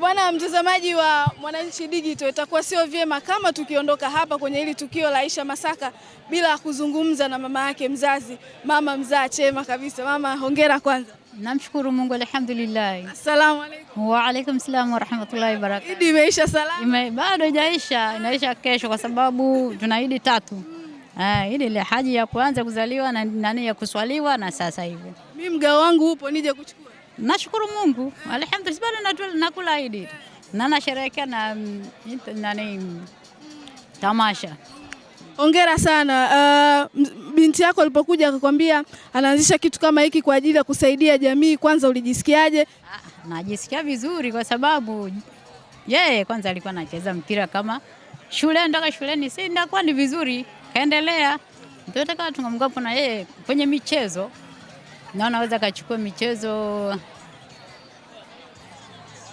Bwana mtazamaji wa Mwananchi Digital, itakuwa sio vyema kama tukiondoka hapa kwenye hili tukio la Aisha Masaka bila kuzungumza na mama yake mzazi, mama mzaa chema kabisa. Mama, hongera kwanza. Namshukuru Mungu, alhamdulillah. Asalamu alaykum. Wa alaykum salaam wa rahmatullahi wa barakatuh. Idi imeisha salama? Bado haijaisha, inaisha kesho kwa sababu tuna idi tatu. Hmm. Ah, ile haji ya kwanza kuzaliwa na nani ya kuswaliwa na sasa hivi. Mimi mgao wangu upo nije kuchukua Nashukuru Mungu, alhamdulillah, nakula Idi na nasherehekea na nani tamasha. Hongera sana. Uh, binti yako alipokuja akakwambia anaanzisha kitu kama hiki kwa ajili ya kusaidia jamii, kwanza ulijisikiaje? Ah, najisikia vizuri kwa sababu yeye kwanza alikuwa anacheza mpira kama shule, ndoka shuleni, si ndakuwa ni vizuri, kaendelea, ndio taka na yeye kwenye michezo naona aweza akachukua michezo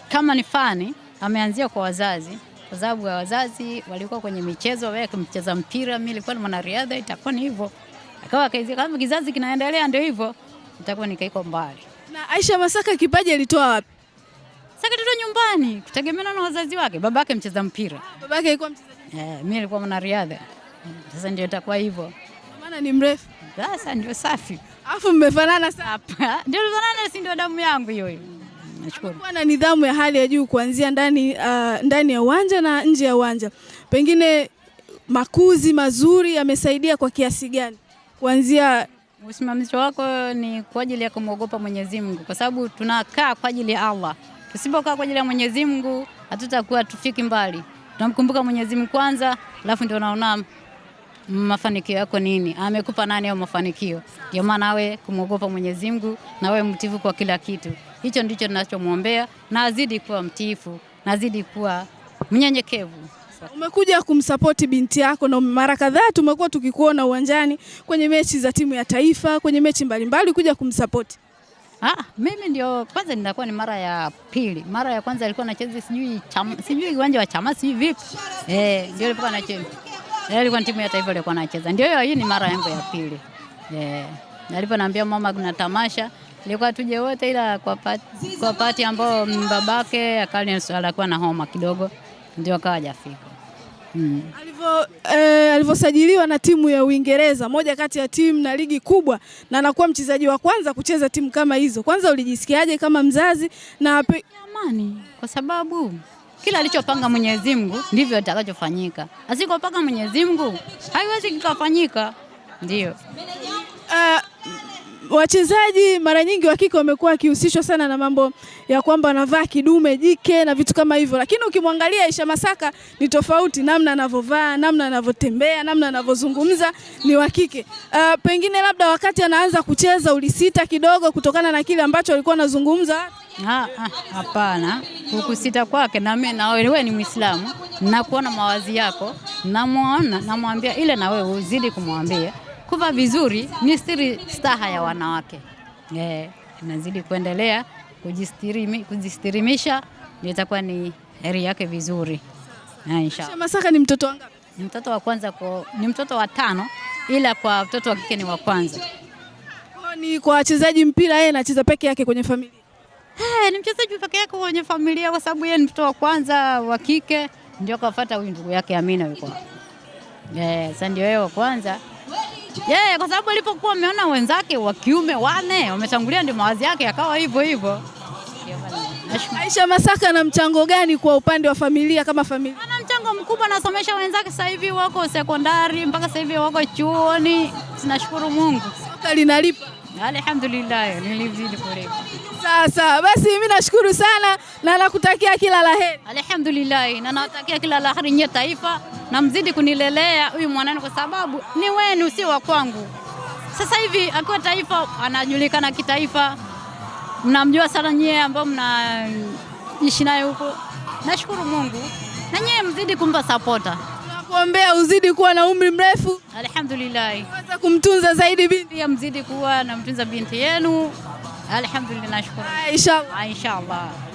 kama ni fani, ameanzia kwa wazazi, kwa sababu ya wazazi walikuwa kwenye michezo, wewe kumcheza mpira, mimi nilikuwa ni mwanariadha, itakuwa ni hivyo. Akawa kaizia kama kizazi kinaendelea, ndio hivyo nitakuwa nikaiko mbali. Na Aisha Masaka kipaji alitoa wapi? Saka tuto nyumbani, kutegemeana na wazazi wake. Babake mcheza mpira, Ah, babake alikuwa mchezaji eh, mimi nilikuwa mwanariadha. Sasa ndio itakuwa hivyo, maana ni mrefu. Sasa ndio safi. Afu mmefanana sana. Hapa. Ndio tunafanana si ndio damu yangu hiyo hiyo. Nashukuru. Kwa na nidhamu ya hali ya juu kuanzia ndani uh, ndani ya uwanja na nje ya uwanja. Pengine makuzi mazuri yamesaidia kwa kiasi gani? Kuanzia usimamizi wako ni kwa ajili ya kumwogopa Mwenyezi Mungu kwa sababu tunakaa kwa ajili ya Allah. Tusipokaa kwa ajili ya Mwenyezi Mungu hatutakuwa tufiki mbali. Tunamkumbuka Mwenyezi Mungu kwanza, alafu ndio naona mafanikio yako nini, amekupa nani hayo mafanikio? Ndio maana awe kumwogopa Mwenyezi Mungu na awe mtifu kwa kila kitu. Hicho ndicho ninachomwombea, na azidi kuwa mtifu na azidi kuwa mnyenyekevu. Umekuja kumsapoti binti yako na mara kadhaa tumekuwa tukikuona uwanjani kwenye mechi za timu ya taifa, kwenye mechi mbalimbali kuja kumsapoti. Ah, mimi ndio kwanza ninakuwa ni mara ya pili. Mara ya kwanza alikuwa anacheza sijui sijui uwanja wa Chama sijui vipi. Eh, ndio alikuwa anacheza. Eh, ilikuwa timu ya taifa ilikuwa nacheza. Ndio hiyo, hii ni mara yangu ya pili. Eh. Niliponaambia mama kuna tamasha, ilikuwa tuje wote ila kwa pati, kwa pati ambao babake akali alikuwa na homa kidogo ndio akawa hajafika. Mm. Alivyo eh, alivyosajiliwa na timu ya Uingereza, moja kati ya timu na ligi kubwa, na anakuwa mchezaji wa kwanza kucheza timu kama hizo. Kwanza ulijisikiaje kama mzazi na amani? Kwa sababu kila alichopanga Mwenyezi Mungu ndivyo atakachofanyika. Asikopanga Mwenyezi Mungu haiwezi kikafanyika, ndio. Uh, wachezaji mara nyingi wa kike wamekuwa wakihusishwa sana na mambo ya kwamba wanavaa kidume jike na vitu kama hivyo, lakini ukimwangalia Aisha Masaka ni tofauti, namna anavyovaa, namna anavyotembea, namna anavyozungumza ni wa kike. Uh, pengine labda wakati anaanza kucheza ulisita kidogo kutokana na kile ambacho alikuwa anazungumza. Ah, ah, hapana ha, kukusita kwake, na mimi na wewe ni Muislamu, nakuona mawazi yako, namwona namwambia ile, na wewe uzidi kumwambia kuvaa vizuri ni stiri staha ya wanawake eh, Nazidi kuendelea kujistirimi, kujistirimisha ndio itakuwa ni heri yake vizuri. Inshallah. Masaka ni mtoto wangapi? Ni mtoto wa kwanza kwa, ni mtoto wa tano ila kwa mtoto wa kike ni wa kwanza. Ni kwa wachezaji mpira yeye anacheza peke yake kwenye familia. Hey, eh, ni mchezaji peke yake kwenye familia kwa sababu yeye ni mtoto wa kwanza wa kike ndio kafuata huyu ndugu yake Amina yuko. Eh, yeah, sasa ndio yeye wa kwanza. Yeah, kwa sababu alipokuwa ameona wenzake wa kiume wane wametangulia ndio mawazi yake yakawa hivyo hivyo. Aisha Masaka ana mchango gani kwa upande wa familia kama familia? Ana mchango mkubwa, anasomesha wenzake sasa hivi wako sekondari, mpaka sasa hivi wako chuoni. Tunashukuru Mungu. Soka linalipa. Alhamdulillah, nilizidi kuremba. Sasa basi, mimi nashukuru sana na nakutakia kila la heri. Alhamdulillah, na natakia kila la heri nye taifa, na mzidi kunilelea huyu mwanani, kwa sababu ni wenu, si wa kwangu. Sasa hivi akiwa taifa anajulikana kitaifa, mnamjua sana nyie ambao mnaishi naye huko. Nashukuru Mungu na nyie mzidi kumpa sapota, nakuombea uzidi kuwa na umri mrefu. Alhamdulillah mnapenda kumtunza zaidi binti? Ya mzidi kuwa namtunza binti yenu. Alhamdulillah, nashukuru. Ah, inshallah. Ah, inshallah.